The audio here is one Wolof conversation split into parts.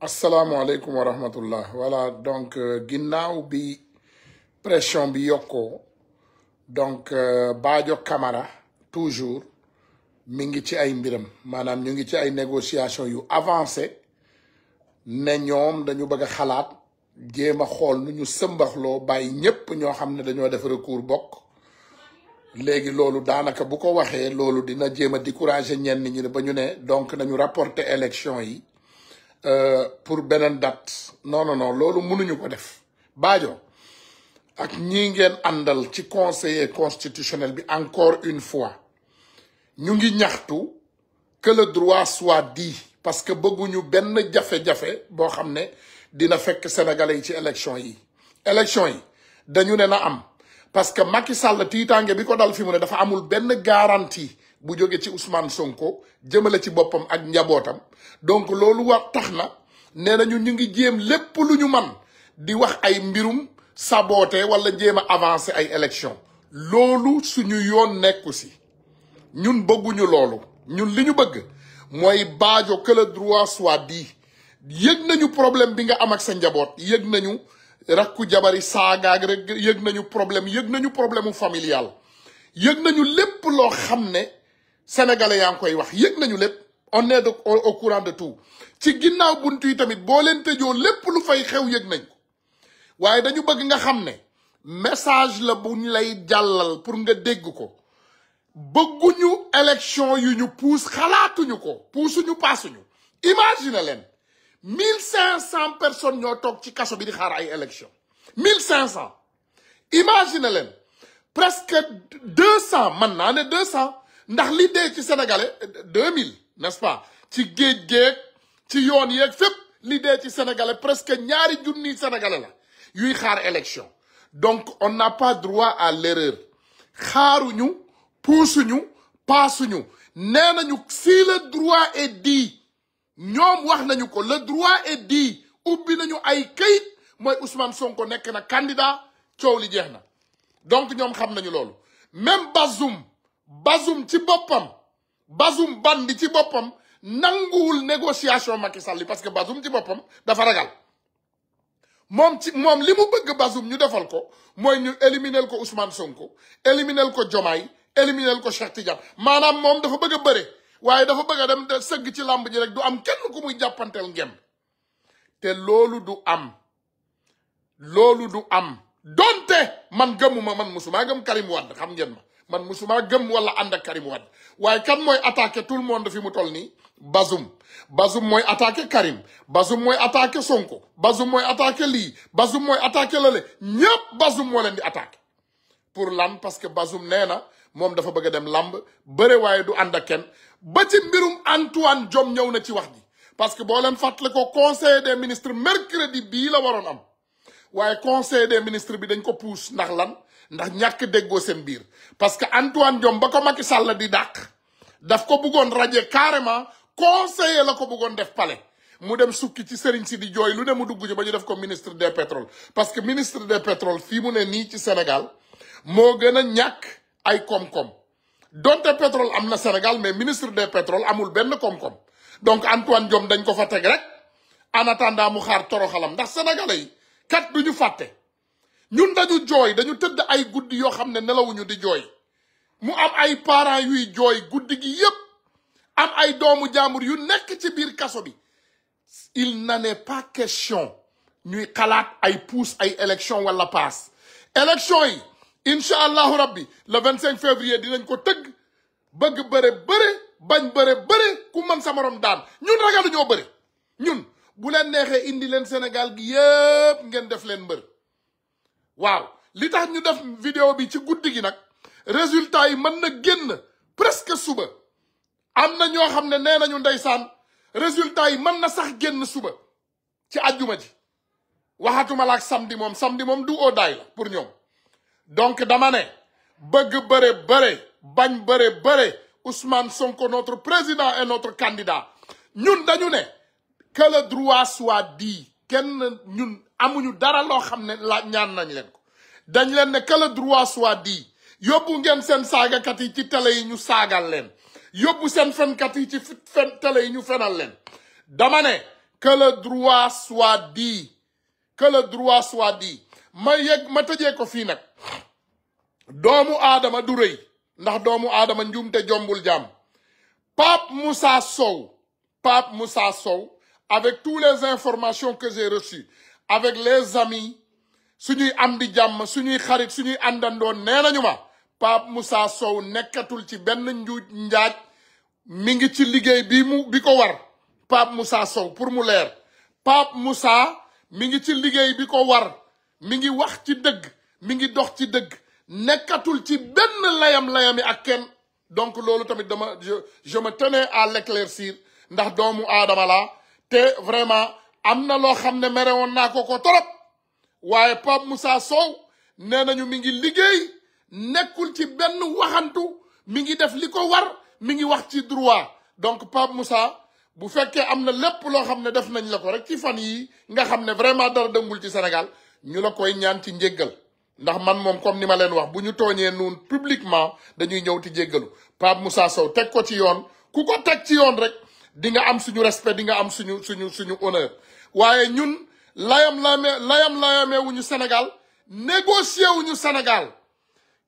asalaamualeykum wa rahmatullah voilà donc euh, ginnaaw bi pression bi yokkoo donc euh, Badio kamara toujours mi ngi ci ay mbiram maanaam ñu ngi ci ay négociations yu avancé ne ñoom dañu bëgg xalaat jéem a xool nu ñu sëmbaxloo bàyyi ñépp ñoo xam ne dañoo def recours bokk léegi loolu daanaka bu ko waxee loolu dina jéem a décourager ñenn ñi ba ñu ne donc nañu rapporter élection yi Euh, pour beneen date non non loolu mënuñu ko def Badio ak ñi ngeen àndal ci conseiller constitutionnel bi encore une fois ñu ngi ñaxtu que le droit soit di parce que bëgguñu benn jafe-jafe boo xam ne dina fekk sénégalais yi ci élection yi élection yi dañu ne na am parce que Macky Sall tiitaange bi ko dal fi mu ne dafa amul benn garantie bu jóge ci Ousmane Sonko jëmale ci boppam ak njabootam donc loolu wax tax na nee nañu ñu ngi jéem lépp lu ñu man di wax ay mbirum sabote wala jéem a avancer ay élections loolu suñu yoon nekku si ñun bëgguñu loolu ñun li ñu bëgg mooy baajo que le droit soit di yëg nañu problème bi nga am sa njaboot yëg nañu rakku jabari saagaag rek yëg nañu problème yëg nañu problème mu familial yëg nañu lépp loo xam ne sénégalais yaa ngi koy wax yëg nañu lépp on de au courant de tout ci ginnaaw buntu yi tamit boo leen tëjoo lépp lu fay xew yëg nañ ko waaye dañu bëgg nga xam ne message la bu ñu lay jàllal pour nga dégg ko bëgguñu élection yu ñu puus xalaatuñu ko puusuñu paasuñu imagine leen mille cinq cent personnes ñoo toog ci kaso bi di xaar ay élection mille cinq cent imagine leen presque deux cent man naa ne deux cent ndax li dee ci sénégalais deux mille n'est-ce pas ci géej géeg ci yoon yeeg fépp li ci sénégalais presque ñaari junni sénégalais la yuy xaar élection donc on n'a pas droit à l'erreur xaaruñu puusuñu paasuñu nee nañu si le droit est dit ñoom wax nañu ko le droit est dit ubbi nañu ay kayit mooy Ousmane Sonko nekk na candidat coow li jeex na donc ñoom xam nañu loolu même Bazoum basum ci boppam Bazoum bandi ci boppam nanguwul négociation Macky Sall parce que Bazoum ci boppam dafa ragal moom ci moom li mu bëgg basum ñu defal ko mooy ñu éliminer ko Ousmane Sonko éliminer ko Diomaye éliminer ko ti Tidiane maanaam moom dafa bëgg a bëre waaye dafa bëgg dem sëgg ci làmb ji rek du am kenn ku muy jàppanteel ngem te loolu du am loolu du am donte man gëmuma man musuma gëm Karim Wade xam ngeen ma man musuma gëm wala ànd ak Karim Wade waaye kan mooy attaqué tout le monde fi mu toll nii Bazoum Bazoum mooy attaqué Karim Bazoum mooy attaqué Sonko Bazoum mooy attaqué lii Bazoum mooy attaqué lale ñépp Bazoum moo leen di attaqué pour lan parce que Bazoum nee na moom dafa bëgg a dem làmb bëre waaye du ànd ak kenn ba ci mbirum Antoine Diome ñëw na ci wax ji parce que boo leen fàttali ko conseil des ministres mercredi bii la waroon am waaye conseil des ministres bi dañ ko puus ndax lan ndax ñàkk déggoo seen biir parce que Antoine jom ba ko Macky Sall di dàq daf ko bëggoon raje carrément conseiller la ko bëggoon def pale mu dem sukki ci sëriñ si di jooy lu ne mu dugg ci ba ñu def ko ministre des pétrole parce que ministre des pétrole fi mu ne nii ci Sénégal moo gën a ñàkk ay koom-koom donte pétrole am na Sénégal mais ministre des pétrole amul benn koom-koom donc Antoine jom dañ ko fa teg rek en mu xaar toroxalam ndax sénégalais yi kat du ñu fàtte ñun dañu jooy dañu tëdd ay guddi yoo xam ne nelawuñu di jooy mu am ay parents yuy jooy guddi gi yépp am ay doomu jaambur yu nekk ci biir kaso bi il n'en est pas question ñuy xalaat ay pousse ay élection wala paas élection yi incha allahu rabbi le 25 février dinañ ko tëgg bëgg bëre bëre bañ bëre bëre ku mën sa morom daan ñun ragalu bëre ñun bu leen neexee indi leen Sénégal gi yëpp ngeen def leen mbër waaw li tax ñu def vidéo bi ci guddi gi nag résultat yi man na génn presque suba am na ñoo xam ne nee nañu ndeysaan résultat yi man na sax génn suba ci ajjuma ji waxatuma la ak samedi moom samedi moom du oo la pour ñoom donc dama ne bëgg bëre bëre bañ bëre bëre Ousmane Sonko notre président et notre candidat ñun dañu ne que le droit soit dit kenn ñun amuñu dara loo xam ne la ñaan nañ leen ko dañ leen ne que le droit soit dit yóbbu ngeen seen saagakat yi ci télé yi ñu saagal leen yóbbu seen fenkat yi ci fen yi ñu fenal leen dama ne que le droit soit ma yegg ma tëjee ko fi nag doomu aadama du rëy ndax doomu aadama njuum jombul jàmm Pape Moussa Sow Pape Moussa Sow avec toutes les informations que j'ai reçues avec les amis suñuy amdi di jàmm suñuy xarit suñuy àndandoon nee nañu ma Pape Moussa Sow nekkatul ci benn njuuj njaaj mi ngi ci liggéey bi mu bi ko war Pape Moussa Sow pour mu leer Pape Moussa mi ngi ci liggéey bi ko war mi ngi wax ci dëgg mi ngi dox ci dëgg nekkatul ci benn layam-layami ak kenn donc loolu tamit dama je je me à l'éclaircir ndax doomu aadama laa te vraiment am na loo xam ne mere woon naa ko ko torop waaye Pape Moussa soow nee nañu mi ngi liggéey nekkul ci benn waxantu mi ngi def li ko war mi ngi wax ci droit donc Pape Moussa bu fekkee am na lépp loo xam ne def nañ la ko rek ci fan yi nga xam ne vraiment dara dëmbul ci Sénégal ñu la koy ñaan ci njéggal ndax man moom comme ni ma leen wax bu ñu tooñee noonu publiquement dañuy ñëw ci jéggalu Pape Moussa Sow teg ko ci yoon ku ko teg ci yoon rek di nga am suñu respect di nga am suñu suñu suñu honneur waaye ñun layam layame layam layamee wuñu Sénégal négocier wuñu Sénégal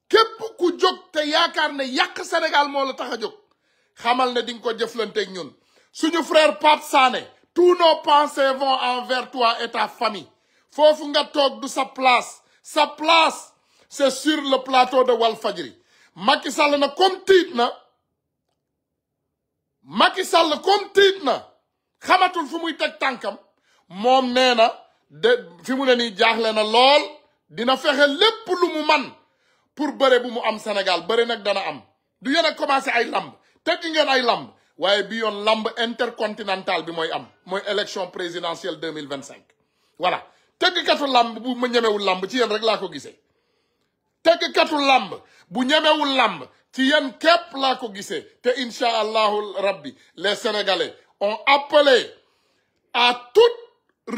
képp ku jog te yaakaar ne yàq Sénégal moo la tax a jóg xamal ne di nga ko jëflanteeg ñun suñu frère Pape Sané tous nos pensées vont envers toi et ta famille foofu nga toog du sa place sa place c'est sur le plateau de Walfadjri Macky Sall na comme tiit na Macky Sall comme tiit na xamatul fu muy teg tànkam moom nee na de fi mu ne nii jaaxle na lool dina fexe lépp lu mu man pour bëre bu mu am Sénégal bëre nag dana am du yéen a commencé ay lamb teggi ngeen ay lamb waaye bi yoon lamb intercontinental bi mooy am mooy élection présidentielle deux mille vingt cinq voilà teggkatu lamb bu ma ñemewul lamb ci yéen rek laa ko gisee teggkatu làmb bu ñemewul làmb ci yan képp laa ko gisee te incha allahu rabbi les sénégalais on appelé à tout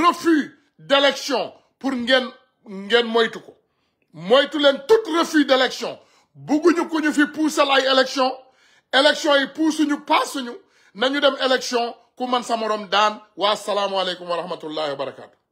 refus d'élection pour ngeen ngeen moytu ko moytu leen tout refus d'élection bugguñu ku ñu fi puusal ay élection élection yi puusuñu paasuñu nañu dem élection ku man sa morom daan waa salaamualeykum wa rahmatullahi wa barakaatu